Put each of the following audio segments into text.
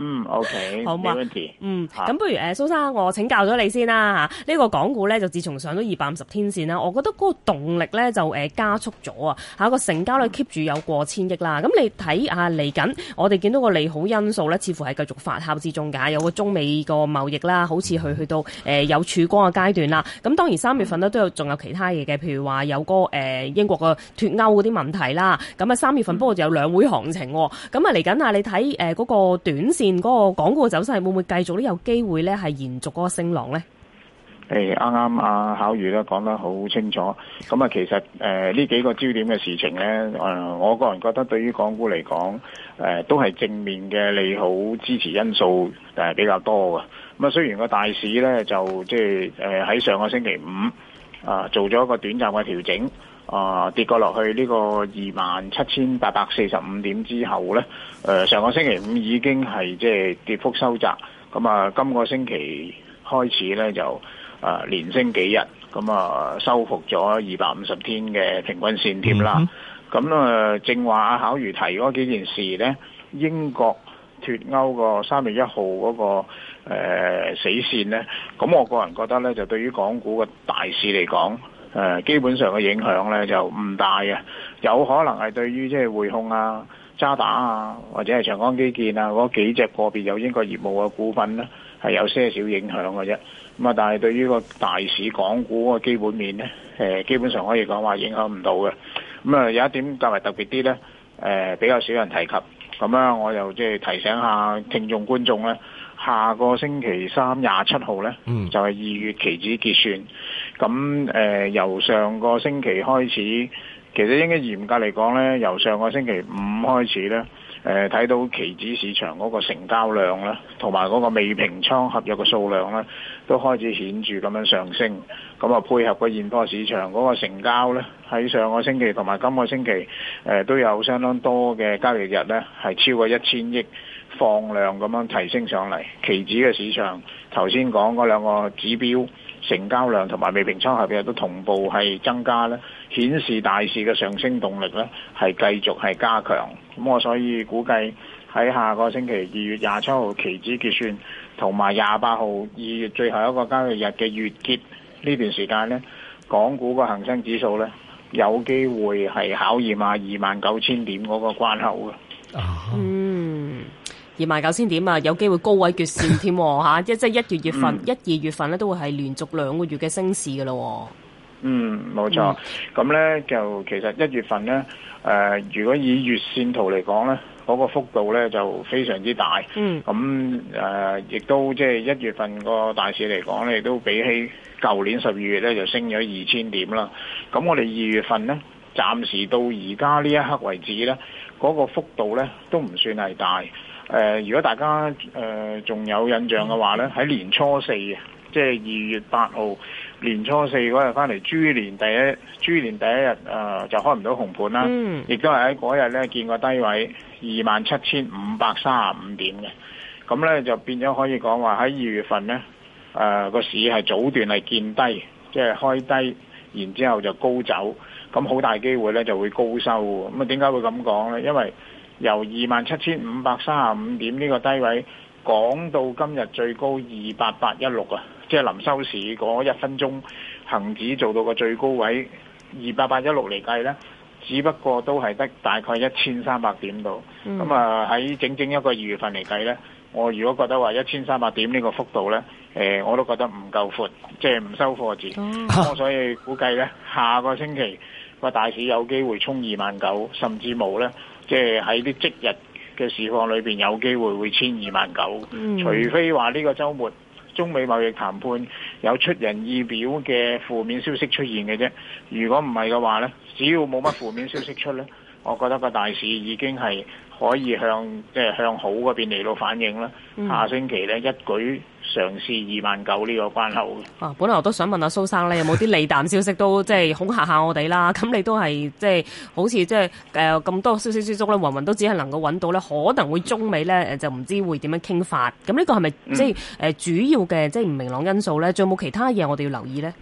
嗯，OK，好冇問題。嗯，咁、okay, 嗎嗯、不如誒，啊、蘇生，我請教咗你先啦嚇，呢、呢個港股咧就自從上咗二百五十天線啦，我覺得嗰個動力咧就誒加速咗啊，嚇個成交率 keep 住有過千億啦，咁你睇下，嚟緊我哋見到個利好因素咧，似乎係繼續發酵之中嘅，有個中美個貿易啦，好似佢去，去到誒、呃、有曙光嘅階段啦，咁當然三月份咧都有仲有其他嘢嘅，譬如話有個誒、呃、英國嘅脱歐嗰啲問題啦，咁啊三月份不過就有兩會行情喎、喔，咁啊嚟緊啊，你睇誒嗰個短線。連個港股走勢會唔會繼續都有機會咧係延續嗰個升浪呢？誒、hey，啱啱阿巧瑜都講得好清楚。咁啊，其實誒呢、呃、幾個焦點嘅事情呢，誒、呃，我個人覺得對於港股嚟講，誒、呃，都係正面嘅利好支持因素，但比較多嘅。咁啊，雖然個大市呢，就即係誒喺上個星期五啊、呃、做咗一個短暫嘅調整。啊，跌過落去呢個二萬七千八百四十五點之後呢，誒、呃、上個星期五已經係即係跌幅收窄，咁啊今個星期開始呢，就啊連升幾日，咁啊收復咗二百五十天嘅平均線添啦。咁、嗯嗯、啊正話阿考如提嗰幾件事呢，英國脱歐、個三月一號嗰個死線呢。咁我個人覺得呢，就對於港股嘅大市嚟講。誒基本上嘅影響咧就唔大嘅，有可能係對於即係匯控啊、渣打啊，或者係長江基建啊嗰幾隻個，個別有英國業務嘅股份咧，係有些少影響嘅啫。咁啊，但係對於個大市港股個基本面咧，誒基本上可以講話影響唔到嘅。咁、嗯、啊，有一點較為特別啲咧，誒、呃、比較少人提及。咁啊，我又即係提醒下聽眾觀眾咧，下個星期三廿七號咧，就係、是、二月期指結算。咁誒、嗯呃、由上個星期開始，其實應該嚴格嚟講呢由上個星期五開始呢誒睇、呃、到期指市場嗰個成交量啦，同埋嗰個未平倉合約嘅數量咧，都開始顯著咁樣上升。咁、嗯、啊、配合個現貨市場嗰個成交呢喺上個星期同埋今個星期誒、呃、都有相當多嘅交易日呢係超過一千億放量咁樣提升上嚟期指嘅市場。頭先講嗰兩個指標。成交量同埋未平倉合約都同步係增加咧，顯示大市嘅上升動力咧係繼續係加強。咁我所以估計喺下個星期二月廿七號期指結算同埋廿八號二月最後一個交易日嘅月結呢段時間咧，港股個恒生指數咧有機會係考驗下二萬九千點嗰個關口嘅。嗯。Mm. 二萬九千點啊，有機會高位決線添嚇，即即一月月份、一二、嗯、月份咧，都會係連續兩個月嘅升市嘅咯。嗯，冇錯。咁咧、嗯、就其實一月份咧，誒、呃、如果以月線圖嚟講咧，嗰、那個幅度咧就非常之大。嗯。咁誒，亦、呃、都即係一月份個大市嚟講咧，亦都比起舊年十二月咧就升咗二千點啦。咁我哋二月份咧，暫時到而家呢一刻為止咧，嗰、那個幅度咧都唔算係大。誒、呃，如果大家誒仲、呃、有印象嘅話呢，喺年初四即係二月八號年初四嗰日翻嚟，豬年第一豬年第一日，誒、呃、就開唔到紅盤啦，嗯、亦都係喺嗰日呢見個低位二萬七千五百三十五點嘅，咁呢就變咗可以講話喺二月份呢誒個、呃、市係早段係見低，即係開低，然之後就高走，咁好大機會呢就會高收喎。咁啊，點解會咁講呢？因為由二萬七千五百三十五點呢個低位講到今日最高二八八一六啊，即係臨收市嗰一分鐘，恒指做到個最高位二八八一六嚟計呢，只不過都係得大概一千三百點度。咁啊喺整整一個二月份嚟計呢，我如果覺得話一千三百點呢個幅度呢，誒、呃、我都覺得唔夠闊，即係唔收貨字。咁、嗯、所以估計呢，下個星期個大市有機會衝二萬九，甚至冇呢。即係喺啲即日嘅市況裏邊，有機會會千二萬九，除非話呢個週末中美貿易談判有出人意表嘅負面消息出現嘅啫。如果唔係嘅話呢，只要冇乜負面消息出呢，我覺得個大市已經係可以向即係向好嗰邊嚟到反映啦。下星期呢，一舉。嘗試二萬九呢個關口。啊，本來我都想問下蘇生咧，有冇啲利淡消息都即係恐嚇下我哋啦？咁你都係即係好似即係誒咁多消息之中咧，雲雲都只係能夠揾到咧，可能會中美咧誒、呃、就唔知會點樣傾法？咁呢個係咪即係誒、呃、主要嘅即係唔明朗因素咧？仲有冇其他嘢我哋要留意咧？誒、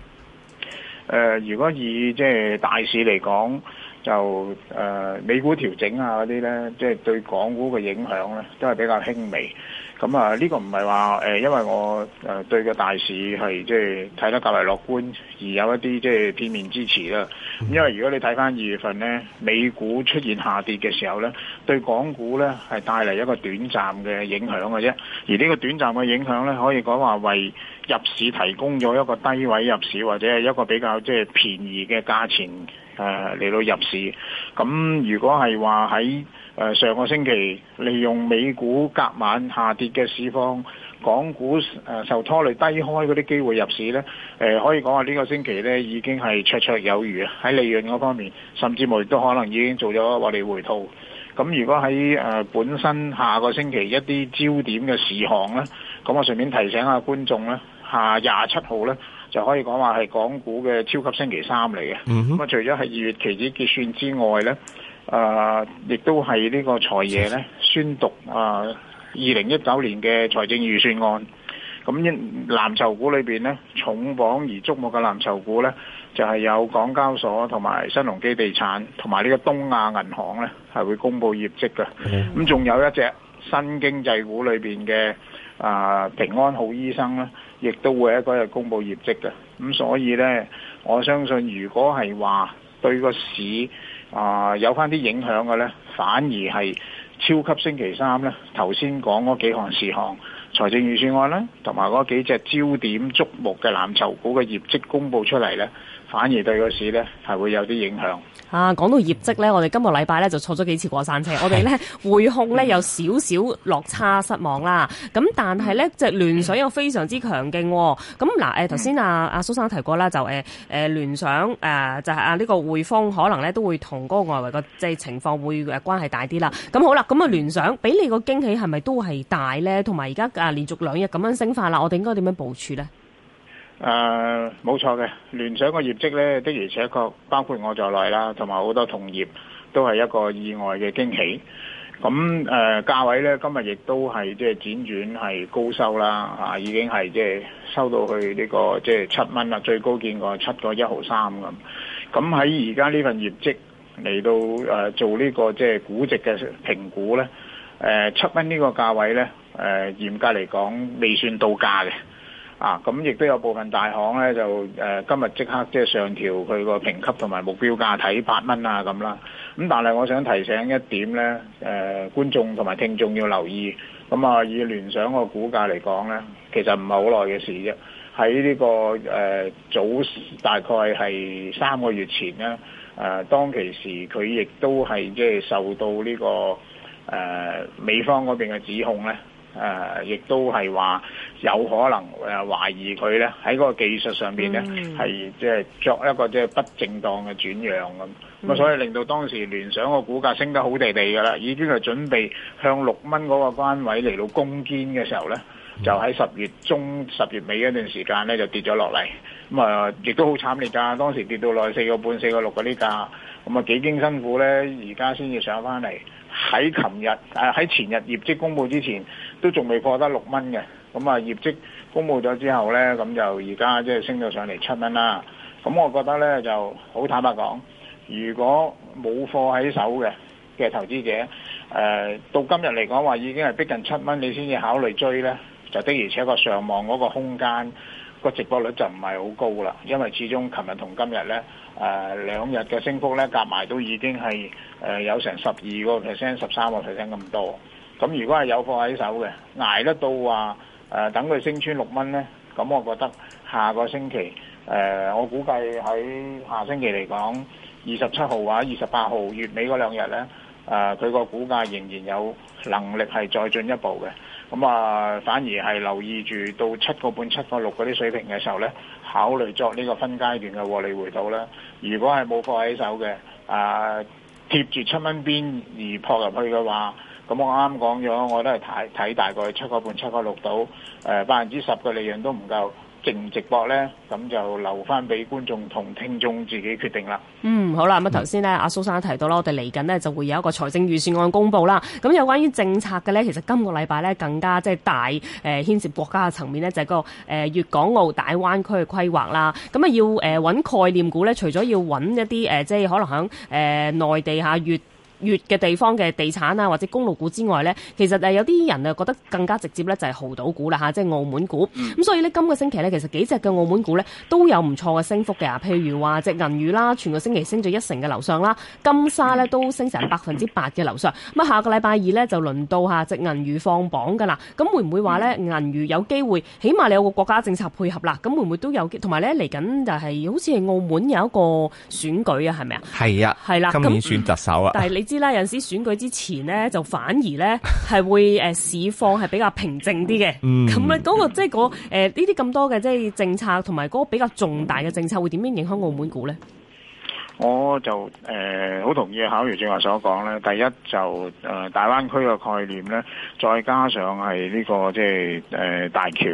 呃，如果以即係大市嚟講。就誒、呃、美股調整啊嗰啲呢，即係對港股嘅影響呢，都係比較輕微。咁啊，呢、呢個唔係話誒，因為我誒、呃、對個大市係即係睇得較為樂觀，而有一啲即係片面支持啦。因為如果你睇翻二月份呢，美股出現下跌嘅時候呢，對港股呢係帶嚟一個短暫嘅影響嘅啫。而呢個短暫嘅影響呢，可以講話為入市提供咗一個低位入市或者係一個比較即係便宜嘅價錢。誒嚟、啊、到入市，咁如果係話喺誒上個星期利用美股隔晚下跌嘅市況，港股誒、呃、受拖累低開嗰啲機會入市呢，誒、呃、可以講話呢個星期呢已經係綽綽有餘啊！喺利潤嗰方面，甚至乎亦都可能已經做咗獲利回吐。咁如果喺誒、呃、本身下個星期一啲焦點嘅事項呢，咁我順便提醒下觀眾呢，下廿七號呢。就可以講話係港股嘅超級星期三嚟嘅。咁啊、mm hmm. 除咗係二月期指結算之外呢，啊、呃、亦都係呢個財爺呢宣讀啊二零一九年嘅財政預算案。咁、嗯、藍籌股裏邊呢，重磅而觸目嘅藍籌股呢，就係、是、有港交所同埋新鴻基地產同埋呢個東亞銀行呢，係會公布業績嘅。咁仲、mm hmm. 嗯、有一隻新經濟股裏邊嘅。啊！平安好醫生咧，亦都會喺嗰日公布業績嘅，咁、嗯、所以呢，我相信如果係話對個市啊有返啲影響嘅呢，反而係超級星期三呢頭先講嗰幾項事項、財政預算案咧，同埋嗰幾隻焦點矚目嘅藍籌股嘅業績公布出嚟呢。反而對個市咧係會有啲影響。啊，講到業績咧，我哋今個禮拜咧就坐咗幾次過山車。我哋咧匯控咧有少少落差失望啦。咁但係咧即係聯想又非常之強勁。咁嗱誒頭先阿阿蘇生提過啦，就誒誒、呃、聯想誒、呃、就係、是、啊呢、這個匯豐可能咧都會同嗰個外圍個即係情況會誒關係大啲啦。咁、嗯、好啦，咁、嗯、啊聯想俾你個驚喜係咪都係大咧？同埋而家啊連續兩日咁樣升法啦，我哋應該點樣部署咧？誒，冇錯嘅，聯想個業績咧，的而且確包括我在內啦，同埋好多同業都係一個意外嘅驚喜。咁誒，價位咧今日亦都係即係輾轉係高收啦，啊，已經係即係收到去呢個即係七蚊啦，最高見過七個一毫三咁。咁喺而家呢份業績嚟到誒做呢個即係估值嘅評估咧，誒七蚊呢個價位咧，誒嚴格嚟講未算到價嘅。啊，咁亦都有部分大行咧就誒、呃、今日即刻即係上調佢個評級同埋目標價睇八蚊啊咁啦。咁但係我想提醒一點咧，誒、呃、觀眾同埋聽眾要留意。咁啊以聯想個股價嚟講咧，其實唔係好耐嘅事啫。喺呢、這個誒、呃、早大概係三個月前咧，誒、呃、當其時佢亦都係即係受到呢、這個誒、呃、美方嗰邊嘅指控咧。誒，亦、呃、都係話有可能誒，懷疑佢咧喺嗰個技術上邊咧，係即係作一個即係不正當嘅轉讓咁。咁啊，所以令到當時聯想個股價升得好地地㗎啦，已經係準備向六蚊嗰個關位嚟到攻堅嘅時候咧，就喺十月中、十月尾一段時間咧就跌咗落嚟。咁、嗯、啊，亦、呃、都好慘烈㗎，當時跌到落四個半、四個六嗰啲價。咁啊，幾經辛苦咧，而家先要上翻嚟。喺琴日誒，喺、呃、前日業績公佈之前，都仲未過得六蚊嘅，咁、嗯、啊、業績公佈咗之後呢，咁、嗯、就而家即係升咗上嚟七蚊啦。咁、嗯、我覺得呢，就好坦白講，如果冇貨喺手嘅嘅投資者，誒、呃、到今日嚟講話已經係逼近七蚊，你先至考慮追呢，就的而且確上望嗰個空間個值博率就唔係好高啦，因為始終琴日同今日呢，誒、呃、兩日嘅升幅呢，夾埋都已經係誒、呃、有成十二個 percent、十三個 percent 咁多。咁如果係有貨喺手嘅，捱得到話，誒、呃、等佢升穿六蚊呢。咁、嗯、我覺得下個星期，誒、呃、我估計喺下星期嚟講，二十七號或者二十八號月尾嗰兩日呢，誒佢個股價仍然有能力係再進一步嘅。咁、嗯、啊、呃，反而係留意住到七個半、七個六嗰啲水平嘅時候呢，考慮作呢個分階段嘅獲利回吐啦。如果係冇貨喺手嘅，誒、呃、貼住七蚊邊而撲入去嘅話，咁我啱啱講咗，我都係睇睇大概七個半、七個六到，誒百分之十嘅利潤都唔夠，值唔值博咧，咁就留翻俾觀眾同聽眾自己決定啦、嗯。嗯，好啦、嗯，咁啊頭先咧，阿蘇生提到啦，我哋嚟緊呢就會有一個財政預算案公布啦。咁有關於政策嘅咧，其實今個禮拜咧更加即係大誒、呃、牽涉國家嘅層面咧，就係、是那個誒粵、呃、港澳大灣區嘅規劃啦。咁啊要誒揾、呃、概念股咧，除咗要揾一啲誒、呃、即係可能響誒內地下粵，月嘅地方嘅地產啊，或者公路股之外呢，其實誒有啲人誒覺得更加直接呢，就係濠賭股啦嚇，即係澳門股。咁、嗯、所以呢，今個星期呢，其實幾隻嘅澳門股呢，都有唔錯嘅升幅嘅、啊。譬如話隻、啊、銀魚啦，全個星期升咗一成嘅樓上啦，金沙呢、啊、都升成百分之八嘅樓上。咁啊下個禮拜二呢，就輪到下、啊、隻銀魚放榜㗎啦。咁、嗯嗯、會唔會話呢？銀魚有機會？起碼你有個國家政策配合啦。咁會唔會都有同埋呢，嚟緊就係好似係澳門有一個選舉啊？係咪啊？係啊嗎，係啦，今年選特首啊，但係你。知啦，有陣時選舉之前咧，就反而咧係會誒 市況係比較平靜啲嘅。咁咧、嗯就是，嗰、嗰個即係嗰誒呢啲咁多嘅即係政策，同埋嗰比較重大嘅政策，會點樣影響澳門股咧？我就誒好、呃、同意考如正話所講咧，第一就誒、呃、大灣區個概念咧，再加上係呢、這個即係誒、呃、大橋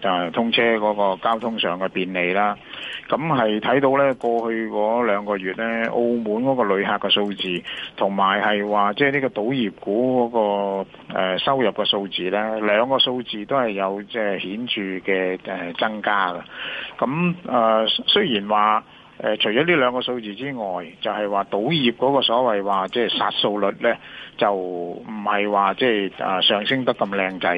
就、啊、通車嗰個交通上嘅便利啦。咁係睇到咧過去嗰兩個月咧，澳門嗰個旅客嘅數字，同埋係話即係呢個賭業股嗰、那個、呃、收入嘅數字咧，兩個數字都係有即係顯著嘅誒、呃、增加㗎。咁誒、呃、雖然話，誒、呃、除咗呢兩個數字之外，就係、是、話賭業嗰個所謂話即係殺數率呢，就唔係話即係啊上升得咁靚仔。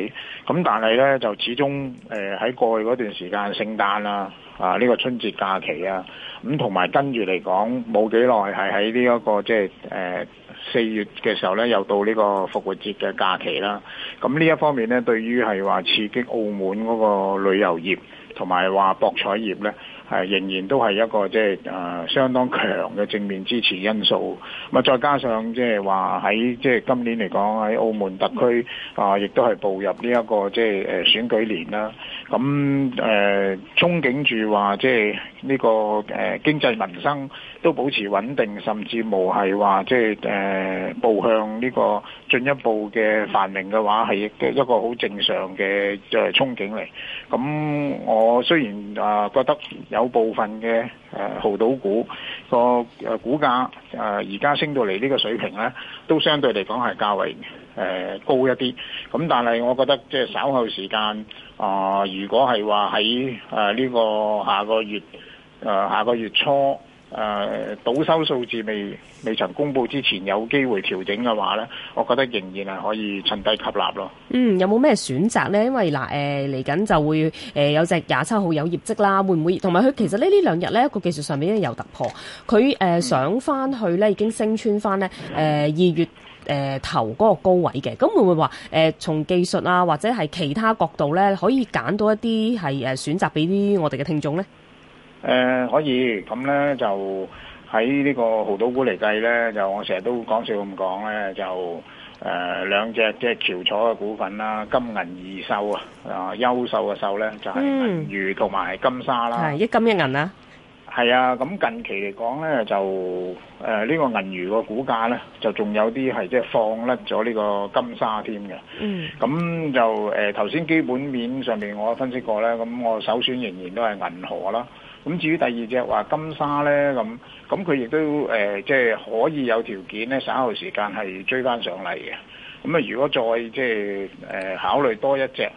咁但係呢，就始終誒喺、呃、過去嗰段時間，聖誕啦、啊。啊呢、呢個春節假期啊，咁同埋跟住嚟講冇幾耐，係喺呢一個即係誒四月嘅時候呢，又到呢個復活節嘅假期啦。咁、嗯、呢一方面呢，對於係話刺激澳門嗰個旅遊業同埋話博彩業呢。誒仍然都係一個即係誒相當強嘅正面支持因素，咁啊再加上即係話，喺即係今年嚟講，喺澳門特區啊，亦都係步入呢一個即係誒選舉年啦。咁誒、啊、憧憬住話、就是，即係呢個誒、啊、經濟民生都保持穩定，甚至無係話、就是，即係誒步向呢個進一步嘅繁榮嘅話，係亦都一個好正常嘅誒憧憬嚟。咁我雖然啊覺得有，部分嘅誒，濠賭股個誒，股價誒，而家升到嚟呢個水平咧，都相對嚟講係較為誒高一啲。咁但係我覺得即係稍後時間啊、呃，如果係話喺誒呢個下個月誒、呃，下個月初。誒、呃，倒收數字未未曾公布之前，有機會調整嘅話呢，我覺得仍然係可以趁低吸納咯。嗯，有冇咩選擇呢？因為嗱，誒嚟緊就會誒、呃、有隻廿七號有業績啦，會唔會同埋佢？其實呢兩呢兩日咧，個技術上面咧有突破，佢誒上翻去呢已經升穿翻呢誒二月誒、呃、頭嗰個高位嘅，咁會唔會話誒從技術啊或者係其他角度呢，可以揀到一啲係誒選擇俾啲我哋嘅聽眾呢？誒可以咁咧，就喺呢個濠賭股嚟計咧，就我成日都講笑咁講咧，就誒兩隻即係翹楚嘅股份啦，金銀二秀啊，啊優秀嘅秀咧就係銀娛同埋金沙啦，係一金一銀啦。係啊，咁近期嚟講咧，就誒呢個銀娛個股價咧，就仲有啲係即係放甩咗呢個金沙添嘅。嗯。咁就誒頭先基本面上面我分析過咧，咁我首選仍然都係銀河啦。咁至於第二隻話金沙呢，咁，咁佢亦都誒、呃，即係可以有條件呢，稍後時間係追翻上嚟嘅。咁啊，如果再即係誒、呃、考慮多一隻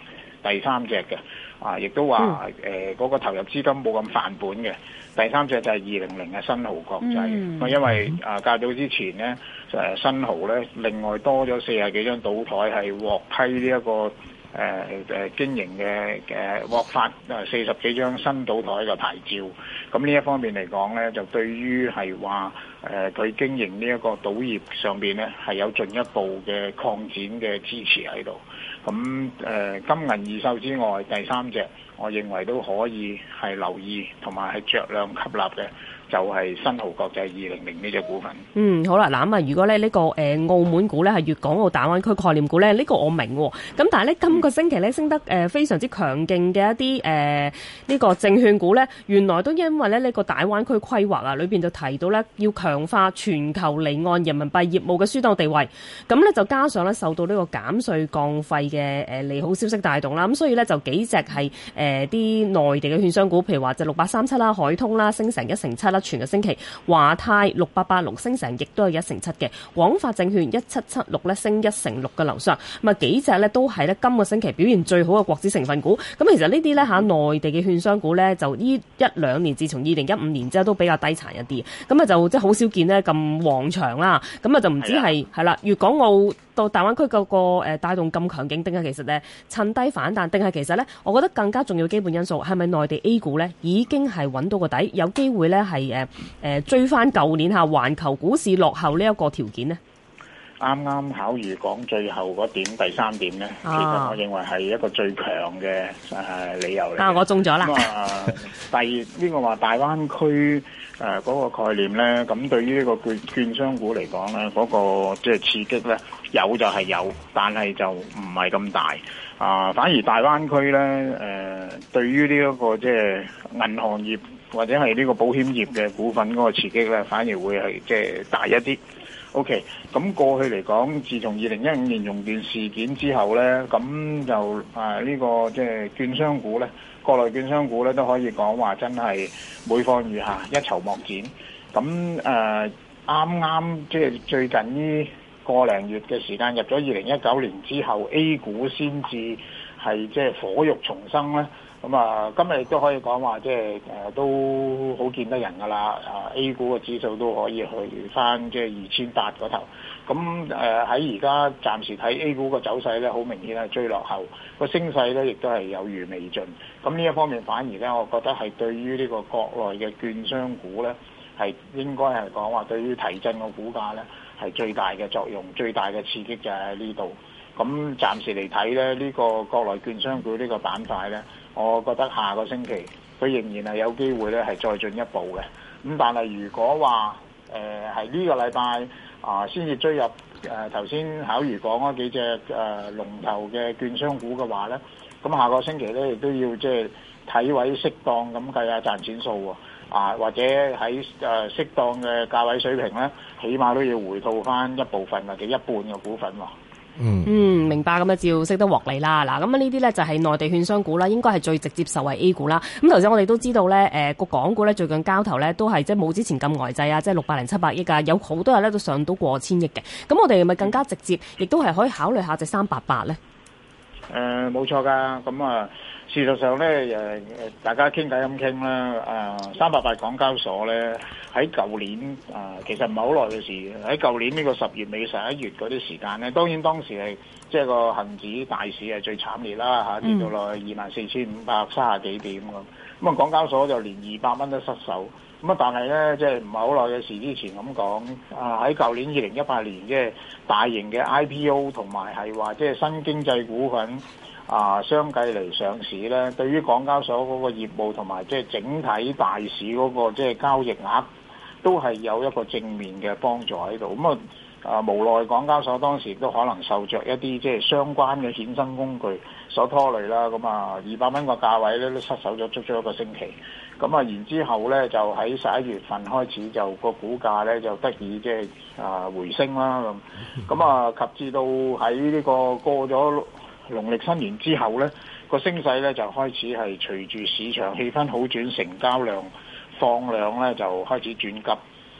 第三隻嘅，啊，亦都話誒嗰個投入資金冇咁犯本嘅。第三隻就係二零零嘅新豪國際，嗯、因為啊，隔到之前咧誒新豪呢另外多咗四十幾張賭枱係獲批呢、這、一個。誒誒、呃呃、經營嘅誒獲發啊四十幾張新賭台嘅牌照，咁、嗯、呢一方面嚟講咧，就對於係話誒佢經營呢一個賭業上邊咧，係有進一步嘅擴展嘅支持喺度。咁、嗯、誒、呃、金銀二手之外，第三隻，我認為都可以係留意同埋係酌量吸納嘅。就係新濠國際二零零呢隻股份。嗯，好啦，嗱咁啊，如果咧、這、呢個誒、呃、澳門股咧係粵港澳大灣區概念股咧，呢、這個我明喎、哦。咁但係咧今個星期咧升得誒、呃、非常之強勁嘅一啲誒、呃這個、呢個證券股咧，原來都因為咧呢、這個大灣區規劃啊，裏邊就提到咧要強化全球離岸人民幣業務嘅樞紐地位。咁咧就加上咧受到呢個減稅降費嘅誒、呃、利好消息帶動啦。咁所以咧就幾隻係誒啲內地嘅券商股，譬如話就六八三七啦、海通啦、啊，升成一成七全個星期，華泰六八八六升成，亦都係一成七嘅；廣發證券一七七六咧升一成六嘅樓上。咁啊，幾隻咧都係咧今個星期表現最好嘅國資成分股。咁其實呢啲咧吓內地嘅券商股咧，就呢一兩年自從二零一五年之後都比較低殘一啲。咁啊就即係好少見呢咁旺場啦。咁啊就唔知係係啦，粵的港澳到大灣區嗰個誒帶動咁強勁，定係其實咧趁低反彈，定係其實咧？我覺得更加重要嘅基本因素係咪內地 A 股咧已經係揾到個底，有機會咧係？誒追翻舊年下環球股市落後呢一個條件呢，啱啱考完講最後嗰點第三點呢，啊、其實我認為係一個最強嘅，呃、理由嚟。啊，我中咗啦， 啊！第二呢，呢個話大灣區誒嗰，呃嗰個概念呢，咁對於呢個券券商股嚟講呢，嗰，嗰個即係刺激呢，有就係有，但係就唔係咁大啊，呃。反而大灣區呢，誒，呃，對於呢，呢，一個即係，呃、銀行業。或者係呢個保險業嘅股份嗰個刺激咧，反而會係即係大一啲。OK，咁過去嚟講，自從二零一五年熔斷事件之後咧，咁就啊呢、呢個即係券商股咧，國內券商股咧都可以講話真係每況愈下，一籌莫展。咁誒啱啱即係最近呢個零月嘅時間，入咗二零一九年之後，A 股先至係即係火肉重生咧。咁啊，今日亦都可以講話，即係誒都好見得人㗎啦。啊，A 股嘅指數都可以去返即係二千八嗰頭。咁誒喺而家暫時睇 A 股個走勢咧，好明顯係追落後，個升勢咧亦都係有餘未盡。咁呢一方面反而咧，我覺得係對於呢個國內嘅券商股咧，係應該係講話對於提振個股價咧係最大嘅作用、最大嘅刺激就喺呢度。咁暫時嚟睇咧，呢、這個國內券商股呢個板塊咧，我覺得下個星期佢仍然係有機會咧，係再進一步嘅。咁但係如果話誒係呢個禮拜啊，先、呃、至追入誒頭先巧如講嗰幾隻誒、呃、龍頭嘅券商股嘅話咧，咁下個星期咧亦都要即係睇位適當咁計下賺錢數喎啊、呃，或者喺誒、呃、適當嘅價位水平咧，起碼都要回套翻一部分或者一半嘅股份喎。嗯，明白咁啊，只要識得獲利啦，嗱，咁啊呢啲呢就係內地券商股啦，應該係最直接受惠 A 股啦。咁頭先我哋都知道呢誒個港股呢，最近交投呢都係即係冇之前咁呆滯啊，即係六百零七百億啊，有好多日咧都上到過千億嘅。咁我哋咪更加直接，亦都係可以考慮下隻三八八呢。誒，冇、呃、錯噶，咁、嗯、啊，事實上咧，誒，大家傾偈咁傾啦，啊、呃，三百八港交所咧，喺舊年啊、呃，其實唔係好耐嘅事，喺舊年呢個十月尾十一月嗰啲時間咧，當然當時係即係個恒指大市係最慘烈啦，吓、啊、跌到落去二萬四千五百三十幾點咁，咁、嗯、啊、嗯、港交所就連二百蚊都失守。咁、就是、啊！但係咧，即係唔係好耐嘅事之前咁講啊！喺舊年二零一八年，即係大型嘅 IPO 同埋係話，即係新經濟股份啊，相繼嚟上市咧，對於港交所嗰個業務同埋即係整體大市嗰個即係交易額，都係有一個正面嘅幫助喺度。咁、嗯、啊！啊，無奈港交所當時都可能受着一啲即係相關嘅衍生工具所拖累啦，咁啊二百蚊個價位咧都失守咗足足一個星期，咁啊然之後咧就喺十一月份開始就個股價咧就得以即係啊回升啦咁，咁啊及至到喺呢個過咗農曆新年之後咧個升勢咧就開始係隨住市場氣氛好轉，成交量放量咧就開始轉急。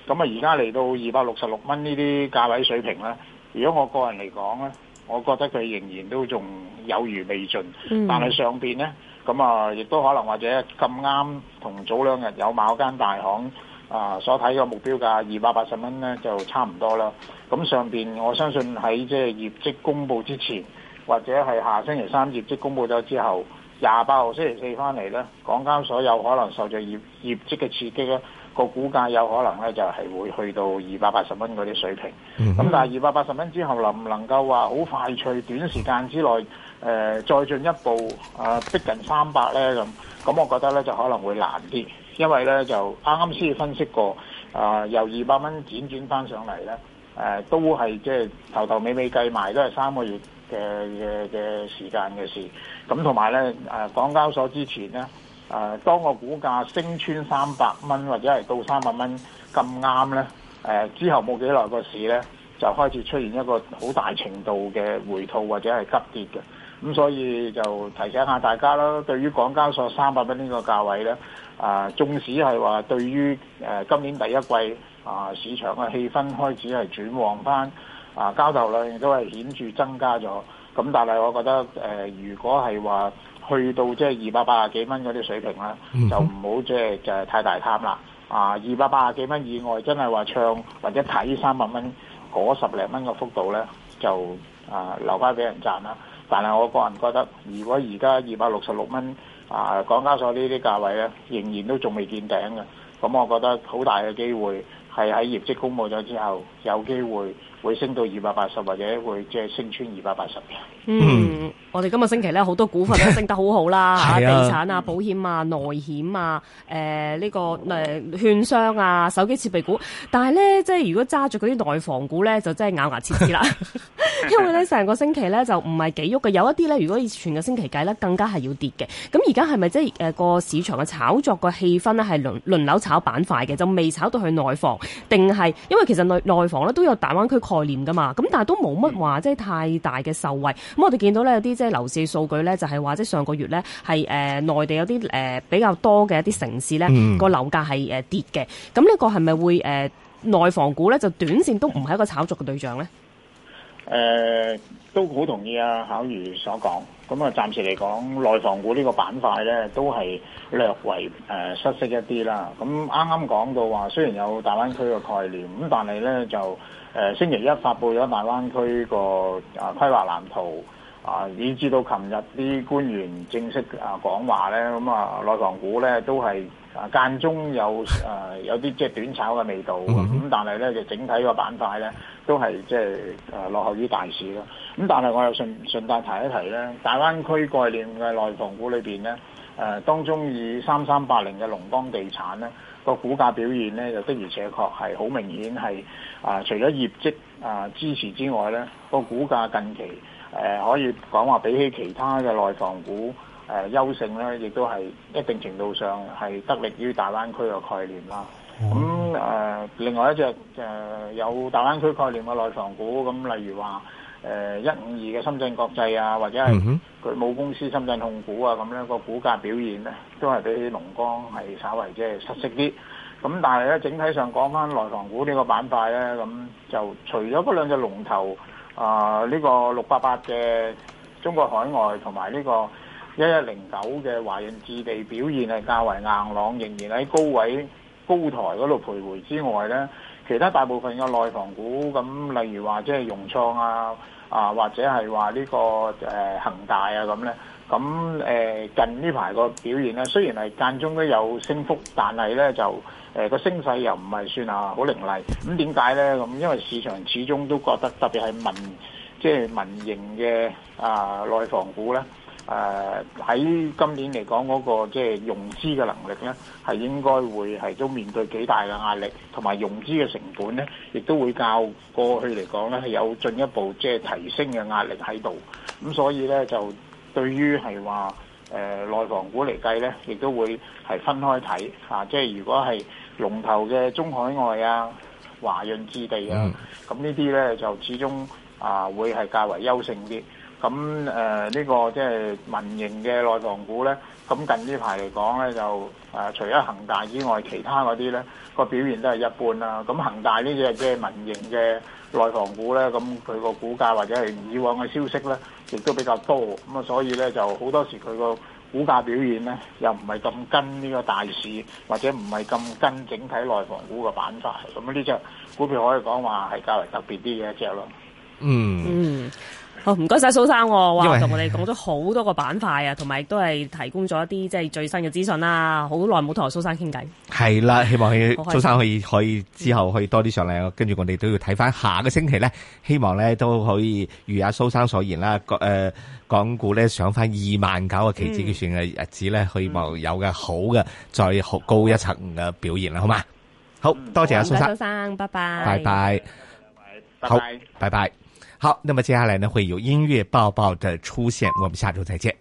咁啊，而家嚟到二百六十六蚊呢啲價位水平咧，如果我個人嚟講咧，我覺得佢仍然都仲有餘未盡。嗯。但係上邊咧，咁啊，亦都可能或者咁啱同早兩日有某間大行啊所睇嘅目標價二百八十蚊咧，就差唔多啦。咁上邊我相信喺即係業績公布之前，或者係下星期三業績公布咗之後，廿八號星期四翻嚟咧，港交所有可能受着業業績嘅刺激咧。個股價有可能咧，就係會去到二百八十蚊嗰啲水平。咁、mm hmm。但係二百八十蚊之後，能唔能夠話好快脆短時間之內，誒、呃、再進一步啊、呃、逼近三百咧？咁、嗯、咁我覺得咧就可能會難啲，因為咧就啱啱先分析過，啊、呃、由二百蚊輾轉翻上嚟咧，誒、呃、都係即係頭頭尾尾計埋都係三個月嘅嘅嘅時間嘅事。咁同埋咧，誒、呃、港交所之前咧。誒、啊，當個股價升穿三百蚊或者係到三百蚊咁啱呢，誒、啊、之後冇幾耐個市呢，就開始出現一個好大程度嘅回吐或者係急跌嘅，咁、嗯、所以就提醒下大家啦，對於港交所三百蚊呢個價位呢，啊，縱使係話對於誒、啊、今年第一季啊市場嘅氣氛開始係轉旺翻，啊，交投量亦都係顯著增加咗。咁但係我覺得誒、呃，如果係話去到即係二百八十幾蚊嗰啲水平咧、mm hmm. 就是，就唔好即係誒太大貪啦。啊、呃，二百八十幾蚊以外，真係話唱或者睇三百蚊嗰十零蚊嘅幅度咧，就啊、呃、留翻俾人賺啦。但係我個人覺得，如果而家二百六十六蚊啊，港交所呢啲價位咧，仍然都仲未見頂嘅，咁、嗯、我覺得好大嘅機會係喺業績公布咗之後，有機會。會升到二百八十或者會即係升穿二百八十嘅。嗯，我哋今個星期咧，好多股份都升得好好啦 是、啊啊，地產啊、保險啊、內險啊、誒、呃、呢、這個誒、呃、券商啊、手機設備股，但係咧即係如果揸住嗰啲內房股咧，就真係咬牙切齒啦。 因為咧成個星期咧就唔係幾喐嘅，有一啲咧如果以全個星期計咧，更加係要跌嘅。咁而家係咪即係誒個市場嘅炒作個氣氛咧係輪輪流炒板塊嘅，就未炒到去內房，定係因為其實內內房咧都有大灣區概念㗎嘛？咁但係都冇乜話即係太大嘅受惠。咁我哋見到咧有啲即係樓市數據咧就係、是、話即係上個月咧係誒內地有啲誒、呃、比較多嘅一啲城市咧、嗯、個樓價係誒跌嘅。咁、呃、呢個係咪會誒內房股咧就短線都唔係一個炒作嘅對象咧？誒、嗯、都好同意啊，巧如所講，咁、嗯、啊暫時嚟講，內房股呢個板塊呢，都係略為誒、呃、失色一啲啦。咁啱啱講到話，雖然有大灣區嘅概念，咁但係呢，就誒、呃、星期一發布咗大灣區個啊規劃藍圖啊，以至到琴日啲官員正式啊講話呢。咁、嗯、啊內房股呢，都係。啊間中有誒、呃、有啲即係短炒嘅味道，咁 但係咧，就整體個板塊咧，都係即係誒、呃、落後於大市咯。咁但係我又順順帶提一提咧，大灣區概念嘅內房股裏邊咧誒，當中以三三八零嘅龍光地產咧，那個股價表現咧，就的而且確係好明顯係啊、呃，除咗業績啊、呃、支持之外咧，那個股價近期誒、呃、可以講話比起其他嘅內房股。誒、呃、優勝咧，亦都係一定程度上係得力於大灣區嘅概念啦。咁誒、mm hmm. 嗯呃，另外一隻誒、呃、有大灣區概念嘅內房股，咁、嗯、例如話誒一五二嘅深圳國際啊，或者係佢母公司深圳控股啊，咁、嗯、咧、嗰個股價表現咧，都係比龍光係稍為即係失色啲。咁、嗯、但係咧，整體上講翻內房股呢個板塊咧，咁、嗯、就除咗嗰兩隻龍頭啊，呢、呃呢個六八八嘅中國海外同埋呢個。一一零九嘅華潤置地表現係較為硬朗，仍然喺高位高台嗰度徘徊之外咧，其他大部分嘅內房股，咁例如話即係融創啊，啊或者係話呢個誒恒大啊咁咧，咁誒近呢排個表現咧，雖然係間中都有升幅，但係咧就誒個升勢又唔係算啊好凌厲。咁點解咧？咁因為市場始終都覺得特別係民即係民營嘅啊內房股咧。誒喺、呃、今年嚟講嗰、那個即係融資嘅能力咧，係應該會係都面對幾大嘅壓力，同埋融資嘅成本咧，亦都會較過去嚟講咧係有進一步即係提升嘅壓力喺度。咁所以咧就對於係話誒內房股嚟計咧，亦都會係分開睇吓、啊。即係如果係龍頭嘅中海外啊、華潤置地啊，咁呢啲咧就始終啊、呃、會係較為優勝啲。咁誒呢個即係民營嘅內房股咧，咁近呢排嚟講咧就誒、呃、除咗恒大之外，其他嗰啲咧個表現都係一般啦、啊。咁、嗯、恒大呢隻即係民營嘅內房股咧，咁佢個股價或者係以往嘅消息咧，亦都比較多咁啊，所以咧就好多時佢個股價表現咧又唔係咁跟呢個大市，或者唔係咁跟整體內房股嘅板塊。咁呢隻股票可以講話係較為特別啲嘅一隻咯。嗯。嗯嗯。唔該晒蘇生，話同我哋講咗好多個板塊啊，同埋都係提供咗一啲即係最新嘅資訊啦。好耐冇同阿蘇生傾偈，係啦，希望阿蘇生可以可以之後可以多啲上嚟，跟住我哋都要睇翻下個星期咧，希望咧都可以如阿蘇生所言啦。誒，港股咧上翻二萬九嘅期指結算嘅日子咧，希望有嘅好嘅再好高一層嘅表現啦，好嘛？好多謝阿蘇生，蘇生，拜拜，拜拜，好，拜拜。好，那麼接下來呢，會有音樂抱抱的出現，我們下周再見。